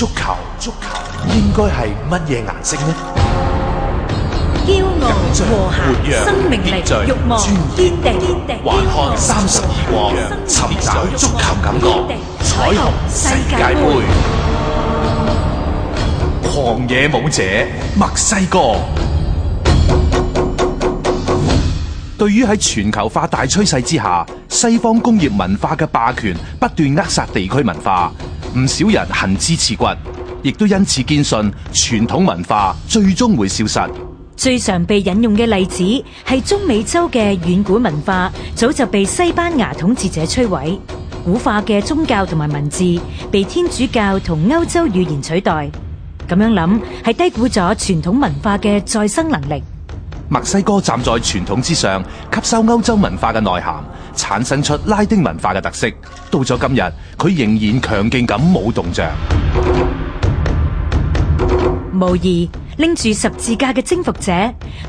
足球，足球應該係乜嘢顏色呢？驕傲、和諧、生命力、天慾望、堅定業、環行三十二國，尋找足球感覺，地彩虹世界杯，狂野舞者墨西哥。 對於喺全球化大趨勢之下，西方工業文化嘅霸權不斷扼殺地區文化。唔少人恨之刺骨，亦都因此堅信傳統文化最終會消失。最常被引用嘅例子係中美洲嘅遠古文化早就被西班牙統治者摧毀，古化嘅宗教同埋文字被天主教同歐洲語言取代。咁樣諗係低估咗傳統文化嘅再生能力。墨西哥站在傳統之上，吸收歐洲文化嘅內涵，產生出拉丁文化嘅特色。到咗今日，佢仍然強勁咁舞動著。無疑，拎住十字架嘅征服者，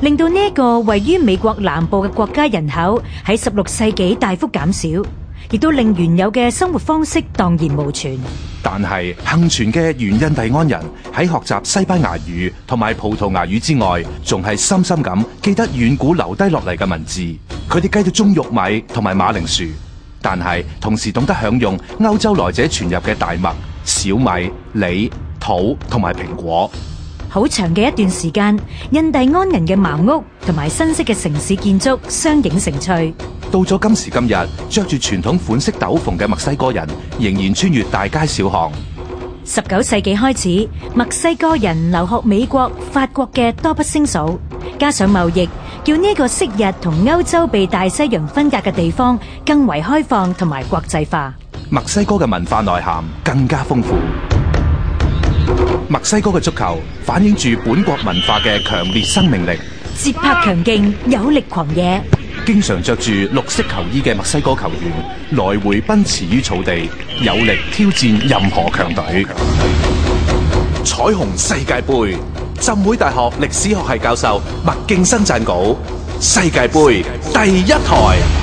令到呢一個位於美國南部嘅國家人口喺十六世紀大幅減少。亦都令原有嘅生活方式蕩然無存。但係幸存嘅原印第安人喺學習西班牙語同埋葡萄牙語之外，仲係深深咁記得遠古留低落嚟嘅文字。佢哋繼續種玉米同埋馬鈴薯，但係同時懂得享用歐洲來者傳入嘅大麥、小米、梨、桃同埋蘋果。好長嘅一段時間，印第安人嘅茅屋同埋新式嘅城市建築相映成趣。到咗今時今日，着住傳統款式斗篷嘅墨西哥人仍然穿越大街小巷。十九世紀開始，墨西哥人留學美國、法國嘅多不勝數，加上貿易，叫呢個昔日同歐洲被大西洋分隔嘅地方更為開放同埋國際化。墨西哥嘅文化內涵更加豐富。墨西哥嘅足球反映住本國文化嘅強烈生命力，節拍強勁，有力狂野。經常着住綠色球衣嘅墨西哥球員，來回奔馳於草地，有力挑戰任何強隊。強體彩虹世界杯，浸會大學歷史學系教授麥敬生撰稿。世界杯，世界杯第一台。